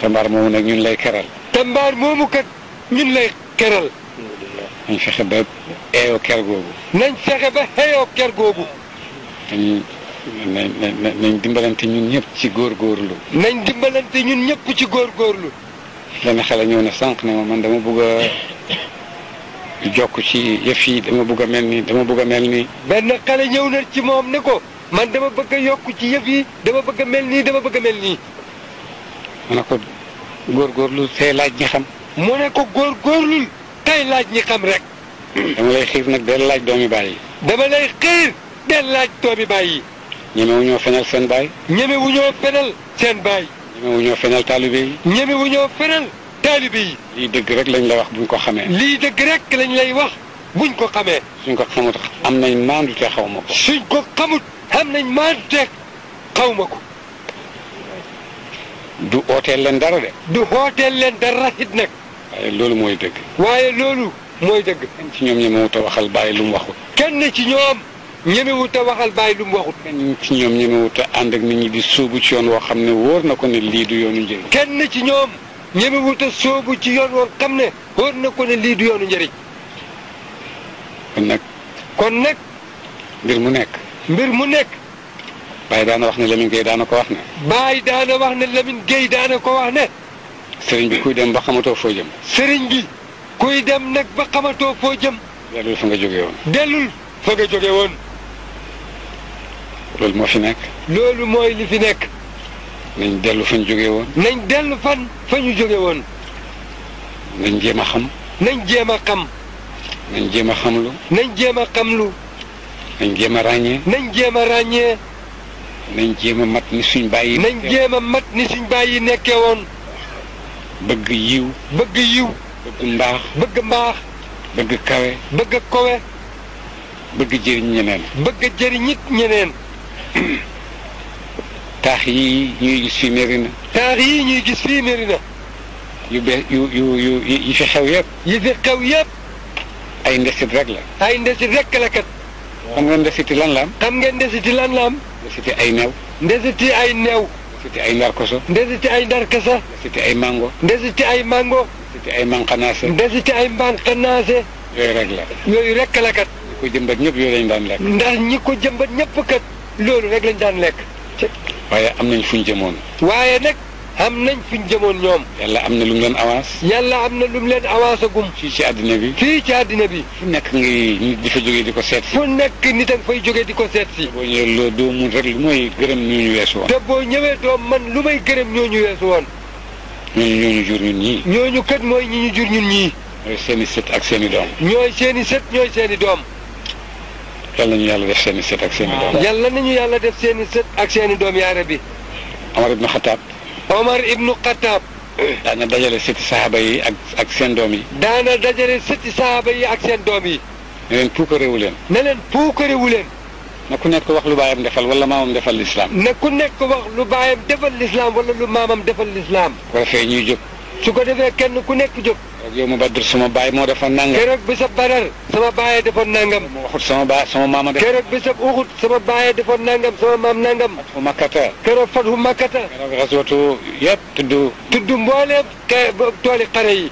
te mbaar moomu nag ñun lay keral. te mbaar moomu kat ñun lay keral. nañ fexe ba xeeyoo ker googu. nañ fexe ba xeeyoo ker googu. nañ nañ dimbalante ñun ñëpp ci góor góorlu nañ dimbalante ñun ñëpp ci góor góorgóorlu. benn xale ñëw na sànq ne ma man dama bugg a jokk ci yëf yi dama bugg a mel nii dama bugg a mel nii. benn xale ñëw na ci moom ne ko man dama bëgg a yokk ci yëf yi dama bëgg a dama bëgg a ko. góor góorgóorlu tey laaj ñi xam. mu ne ko góorgóorlu tey laaj ñi xam rek. dama lay xiir nag del laaj doomi baay yi. dama lay xiir del laaj doomi baay yi. ñeme wu ñoo fenal seen baay. ñeme wu ñoo seen baay. wu ñoo fenal taalibe yi. ñeme wu ñoo fenal taalibe yi. lii dëgg rek lañ la wax buñ ko xamee. lii dëgg rek lañ lay wax buñ ko xamee. suñ ko xamut am nañ maandu te xaw ma ko. suñ ko xamut am nañ maandu te xaw ko. du ooteel leen dara de. du ooteel leen dara it nag. waaye loolu mooy dëgg. waaye loolu mooy dëgg. ci ñoom ñemewut waxal bàyyi lu mu waxut. kenn ci ñoom ñemewut a waxal bàyyi lu mu waxut. ci ñoom ñemewut a ànd ak nit ñi di sóobu ci yoon woo xam ne wóor na ko ne lii du yoonu njëriñ. kenn ci ñoom ñemewut a ci yoon woo xam ne wóor na ko lii du yoonu njëriñ. kon nag. kon nag. mbir mu nekk. mbir mu nekk. Baye daana wax ne Lamine Gueye daana ko wax ne. Baye daana wax ne Lamine Gueye ko wax sëriñ bi kuy dem ba xamatoo foo jëm. sëriñ bi kuy dem nag ba xamatoo foo jëm. dellul fa nga jóge woon. dellul fa nga jóge woon. loolu moo fi nekk. loolu mooy li fi nekk. nañ dellu fa ñu jóge woon. nañ dellu fan fa ñu jóge woon. nañ jéem a xam. nañ jéem a xam. nañ jéem a xamlu. nañ jéem a xamlu. nañ jéem a nañ jéem a ràññee. nañ jéem mat ni suñ bàyyi. nañ jéem mat ni suñ bàyyi nekkee woon. bëgg yiw. bëgg yiw. bëgg mbaax. bëgg mbaax. bëgg kawe. bëgg kowe. bëgg jëriñ ñeneen. bëgg jëriñ it ñeneen. taax yi ñuy gis fii Mérina. taax yi ñuy gis fii Mérina. yu be yu yu yu yi fi xew yëpp. yi fi xew yëpp. ay ndesit rek la. ay ndesit rek la kat. xam ngeen ndesiti lan la am. xam ngeen ndesiti lan la am. siti ay meew ndesiti ay neew ndesiti ay ndarkoso ndesiti ay ndarkasa ndesiti ay mango ndesiti ay mango ndesiti ay manqanaase ndesiti ay manqanaase yooyu rek la yooyu rek la kat ñi ko jëmbat ñëpp yooyu lañ daan lekk ndax ñi ko jëmbat ñëpp kat loolu rek lañ daan lekk waaye am nañ fuñ jëmoon waaye nag am nañ fi ñu jëmoon ñoom. yàlla am na lu mu leen avance. yàlla am na lu mu leen avance gum. fii ci àddina bi. fii ci àddina bi. fu nekk ngay nit di fa jógee di ko seet si. fu nekk nit a nga fay jógee di ko seet si. boo ñëwee loo doo mun rek lu mooy gërëm ñoo ñu weesu woon. te boo ñëwee doo man lu may gërëm ñoo ñu weesu woon. ñooñu ñoo ñu jur ñun ñii. ñooñu kat mooy ñi ñu jur ñun ñii. ñooy seen i sët ak seen i doom. ñooy seen i sët ñooy seen i doom. yàlla nañu yàlla def seen i sët ak seen i doom. yàlla nañu yàlla def seen i sët ak seen i doom yaa rabbi. Amar ibn Xataab Omar ibnu Khattab daana dajale sëti saxaaba yi ak ak seen doom yi daana dajale sëti saxaaba yi ak seen doom yi ne leen puukarewu leen ne leen puukarewu leen na ku nekk wax lu baayam defal wala maamam defal lislaam na ku nekk wax lu baayam defal lislaam wala lu maamam defal lislaam bu ko defee ñuy jóg su ko defee kenn ku nekk jóg. keroog yow mu Badr sama baay moo defoon nangam. keroog bi sa Badar sama baay defoon nangam. mu waxut sama baay sama maama defoon. keroog bi sa Uxud sama baay defoon nangam sama maam nangam. Fathu Makkata. keroog Fathu Makkata. keroog rasootu yëpp tudd. tudd mbooleem kay tooli xare yi.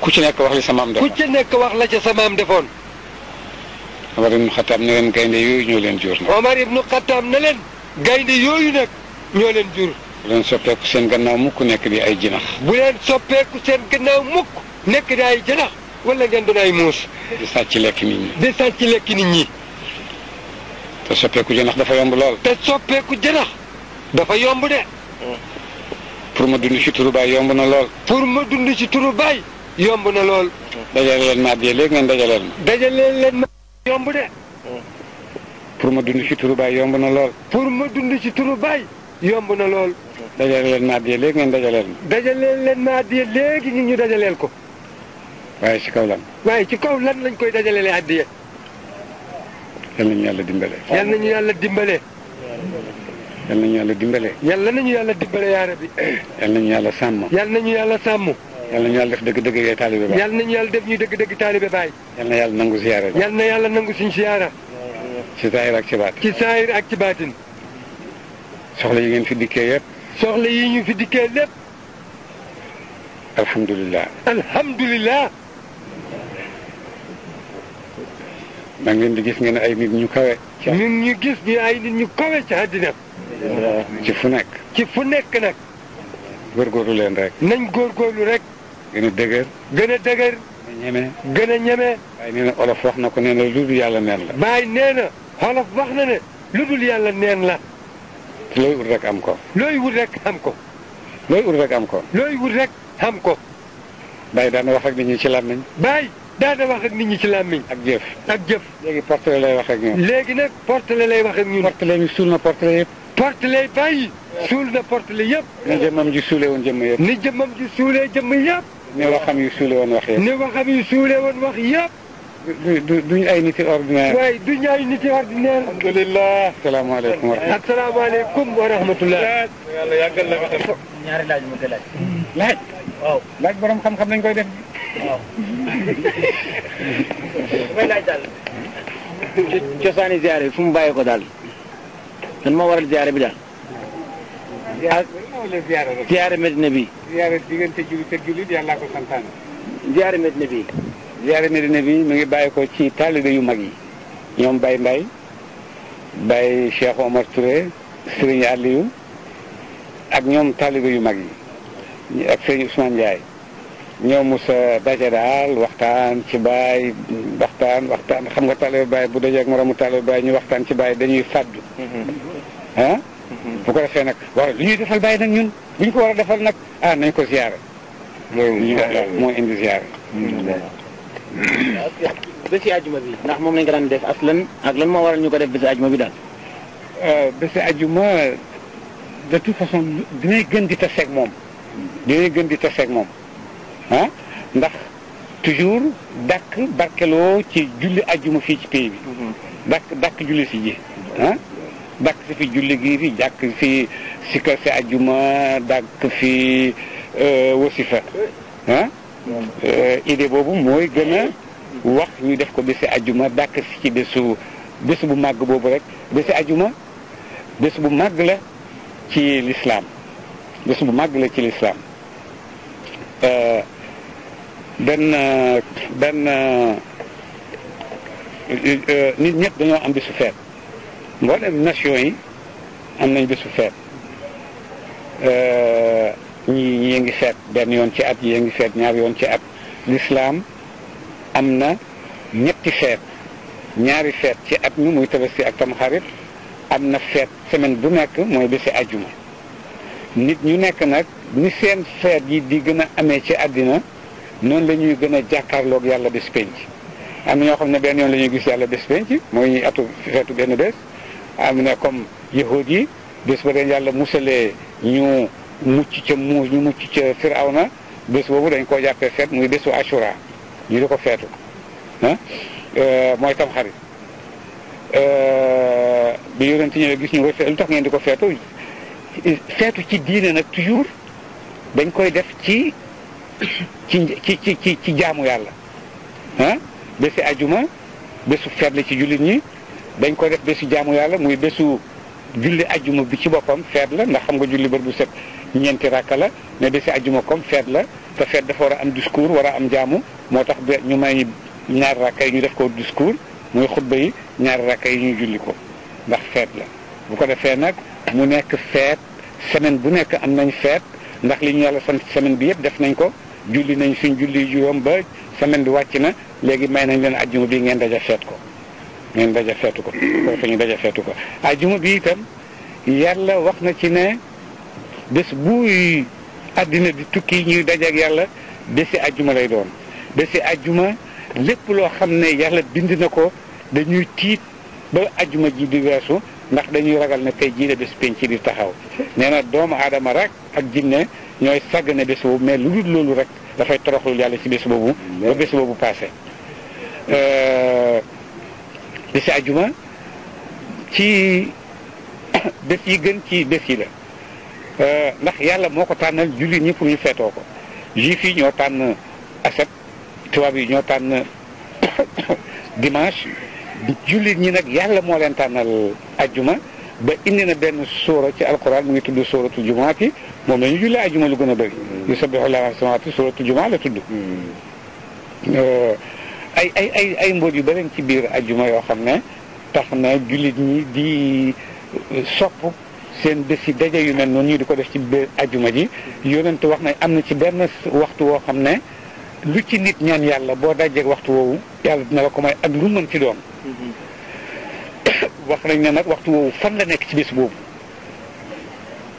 ku ci nekk wax li sa maam defoon ku ci nekk wax la ca sa maam defoon. Omar ibnu Xataab ne leen gaynde yooyu ñoo leen jur. Omar ibnu Xataab ne leen gaynde yooyu nag ñoo leen jur. bu leen soppeeku seen gannaaw mukk nekk di ay jinax bu leen soppeeku seen gannaaw mukk nekk di ay jinax wala ngeen dinaay muus di sàcc lekk nit ñi di sàcc lekk nit ñi te soppeeku jinax dafa yomb lool te soppeeku jinax dafa yomb de pour ma dund e. ci turu baay yomb na lool pour ma dund ci turu baay yomb na lool dajale leen ma addiya léegi ngeen dajaleel ma dajaleel leen ma yomb de pour ma dund ci turu baay yomb na lool pour ma dund ci turu baay yomb na lool dajale leen naa diye léegi ngeen dajaleel ma. dajale leen naa diye léegi ñun ñu dajaleel ko. waaye ci kaw lan. waaye ci kaw lan lañ koy dajalelee addiya. yal nañu yàlla dimbale. yal nañu yàlla dimbale. yal nañu yàlla dimbale. yal nañu yàlla dimbale yaara bi. yal nañu yàlla sàmm. yal nañu yàlla sàmm. yal nañu yàlla def dëgg-dëgg yee taalibe baay. yal nañu yàlla def ñu dëgg-dëgg taalibe baay. yal na nangu siyaara bi. yal nangu suñu siyaara. ci saayir ak ci baatin. ci saayir ak ci baatin. soxla yi ngeen fi dikkee yëpp. soxla yi ñu fi dikkee lépp. alhamdulilah. alhamdulilah. maa ngi di gis ngeen ay nit ñu kawe. ci ñu gis ñu ay nit ñu kawe ci àddina. ci fu nekk. ci fu nekk nag. góorgóorlu leen rek. nañ góorlu rek. gën a dëgër. gën a dëgër. ñeme. a ñeme. bàyyi nee na olof wax na ko yàlla neen la. bàyyi lu dul yàlla neen la. looy wut rek am ko. looy wut rek am ko. looy wut rek am ko. looy wut rek am ko. Baye daana wax ak nit ñi ci làmmiñ. Baye daana wax ak nit ñi ci làmmiñ. ak jëf ak jëf. léegi portele lay wax ak ñun. léegi nag portele lay wax ak ñun. portele ñu suul na portele yëpp. portele Baye. suul na portele yëpp. ni jëmmam ji suulee woon jëmm yëpp. ni jëmmam ji suulee jëmm yëpp. ni waxam yu suulee woon wax yëpp. ni waxam yu suulee woon wax yëpp. du duñ ay nit yi ordinaire. waaye duñ ay nit yi ordinaire. alhamdulilah. asalaamaaleykum wa rahmatulah. asalaamaaleykum wa rahmatulah. yàlla yàggal na fi tam. ñaari laaj ma koy laaj. Hmm. laaj. waaw laaj borom xam-xam lañ koy def. waaw. may laaj daal. cosaani ziare fu mu bàyyi ko daal. lan moo waral ziare bi daal. ziare wala ziare. ziare Medina bi. ziare diggante jullit ak jullit yàlla ko santaane. ziare Medina bi. ziyaare Medina bi mu ngi bàyyi ko ci taalibe yu mag yi ñoom Baye Mbaye Baye Cheikh Omar Touré Serigne Aliou ak ñoom taalibe yu mag yi ak Serigne Ousmane Ndiaye ñoom Moussa daje daal waxtaan ci baay waxtaan waxtaan xam nga taalibe baay bu dajee ak moromu taalibe baay ñu waxtaan ci baay dañuy fàddu ah bu ko defee nag waaw lu ñuy defal baay nag ñun bu ko war a defal nag ah nañ ko ziyaare mooy moo indi ziyaare bési ajuma bi ndax moom lañ ko daan def ak lan ak lan moo waral ñu ko def bési ajuma bi daal. Euh, bési ajuma de toute façon dinay gën di taseeg moom. dinay gën di taseeg moom ndax toujours dàkk barkeloo ci julli ajuma fii ci pays bi. Mhm. dàkk dàkk julli si ji ah. dàkk si fi julli gi fi jàkk fi si kër si ajuma dàkk fi euh, wasifa Euh, idée boobu mooy gën a wax ñu def ko bési ajuma dàkk ci bésu bés bu màgg boobu rek bési ajuma bés bu màgg la ci lislaam bés bu màgg la ci euh, benn euh, nit ñëpp dañoo am bésu feet mboolem nation yi am nañ bésu feet ñi ñi ngi seet benn yoon ci at yii ngi seet ñaar yoon ci at lislaam am na ñetti feet ñaari feet ci at mi muy tabaski ak tamxarit am na feet semaine bu nekk mooy bési ajjuma nit ñu nekk nag ni seen feet yi di gën a amee ci àddina noonu lañuy gën a jàkkaarlook yàlla bés penc am na ñoo xam ne benn yoon lañuy gis yàlla bés penc mooy ñuy atu feetu benn bés am na comme yahud yi bés ba leen yàlla musalee ñu mucc ca muus ñu mucc ca na bés boobu dañ koo jàppee feet muy bésu assuran ñu di ko feetu ah mooy tamxarit euh, bi yonent ñëwee gis ñu ko lu tax ngeen di ko feetu feetu ci diine nag toujours dañ koy def ci ci ci ci ci jaamu yàlla ah bési ajuma bésu feet ci jullit ñi dañ koy def bésu jaamu yàlla muy bésu julli ajuma bi ci boppam feet la ndax xam nga julli bër bu set ñeenti rakka la mais bési ajuma kom feet la te feet dafa war a am discours war a am jaamu moo tax ba ñu may ñaari rakka yi ñu def ko discours muy xutba yi ñaari rakka yi ñu julli ko ndax feet la bu ko defee nag mu nekk feet semaine bu nekk am nañ feet ndax li ñu yàlla sant semaine bi yëpp def nañ ko julli nañ suñ julli juróom ba semaine bi wàcc na léegi may nañ leen ajjuma bi ngeen daja feet ko ngeen daje feetu ko kooku ñu daje feetu ko ajuma bi itam yàlla wax na ci ne bés buy àddina di tukki ñuy dajeek yàlla bési ajjuma lay doon bési ajjuma lépp loo xam ne yàlla bind na ko dañuy tiit ba ajjuma ji di weesu ndax dañuy ragal ne tey jii la bés penc di taxaw nee na doomu aadama rek ak jinne ñooy sàgg ne bés boobu mais lu dul loolu rek dafay toroxlu yàlla ci bés boobu ba bés boobu passé euh, bési ajuma ci bés yi gën ci bés yi la euh, ndax yàlla moo ko tànnal jullit ñi pour ñu feetoo ko juif yi ñoo tànn aset tubaab yi ñoo tànn dimanche jullit ñi nag yàlla moo leen tànnal ajjuma ba indi na benn sóora ci alquran mu ngi tudd sóoratu jumaat yi moom la ñu jullee ajjuma lu gën a bëri mm. yusabbihu llaahu samaawaati sóoratu jumaa la tudd mm. euh, ay ay ay ay mbóot yu bëri ci biir ajjuma yoo xam ne tax na jullit ñi di euh, sopp seen bés yi daje yu ne noonu ñu di ko def ci biir ajjuma ji yonent wax nañ am na ci benn waxtu woo xam ne lu ci nit ñaan yàlla boo dajeeg waxtu woowu yàlla dina la ko may ak lu mën ci doon mm-hmm. wax nañ ne nag waxtu woowu fan la nekk ci bés boobu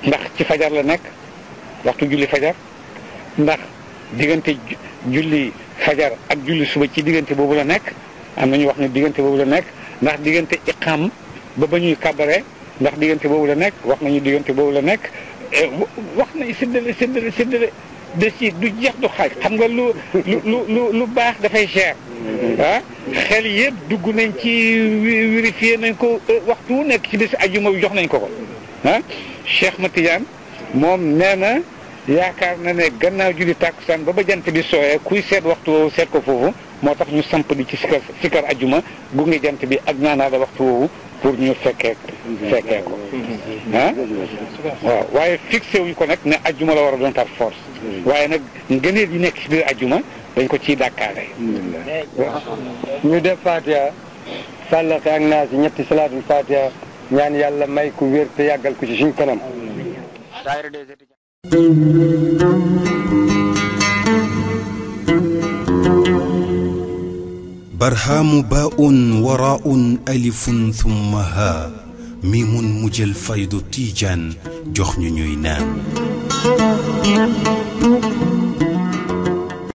ndax ci fajar la nekk waxtu julli fajar ndax diggante julli fajar ak julli suba ci diggante boobu la nekk am na ñu wax ne diggante boobu la nekk ndax diggante iqam ba ba ñuy kabare ndax diggante boobu la nekk wax nañu diggante boobu la nekk eh, wax nañ séddale séddale séddale de ci du jeex du xaaj xam nga lu lu lu lu baax dafay cher ah xel yëpp dugg nañ ci vérifié nañ ko euh, waxtu wu nekk ci bis ajuma bi jox nañ ko ko ah Cheikh Matidiane moom nee yaakaar na ne gannaaw julli tàkkusaan ba ba jant bi sooyee kuy seet waxtu woowu seet ko foofu moo tax ñu samp di ci sikar sikar ajuma ngi jant bi ak naa ñaanaa la waxtu woowu pour ñu fekkee fekkee ko mhm. ah? waaw waaye fixé wuñ ko nag ne ajuma la war a doon par force mhm. waaye nag ngëneel yi nekk ci biir ajuma dañ ko ciy dàkkaale ñu def fatiha sàllaxe ak naas yi ñetti salaatul fatiha ñaan yàlla may ku wér te yàggal ko ci suñ kanam برهام باء وراء ألف ثم ها ميم فيض تيجان جخن نينان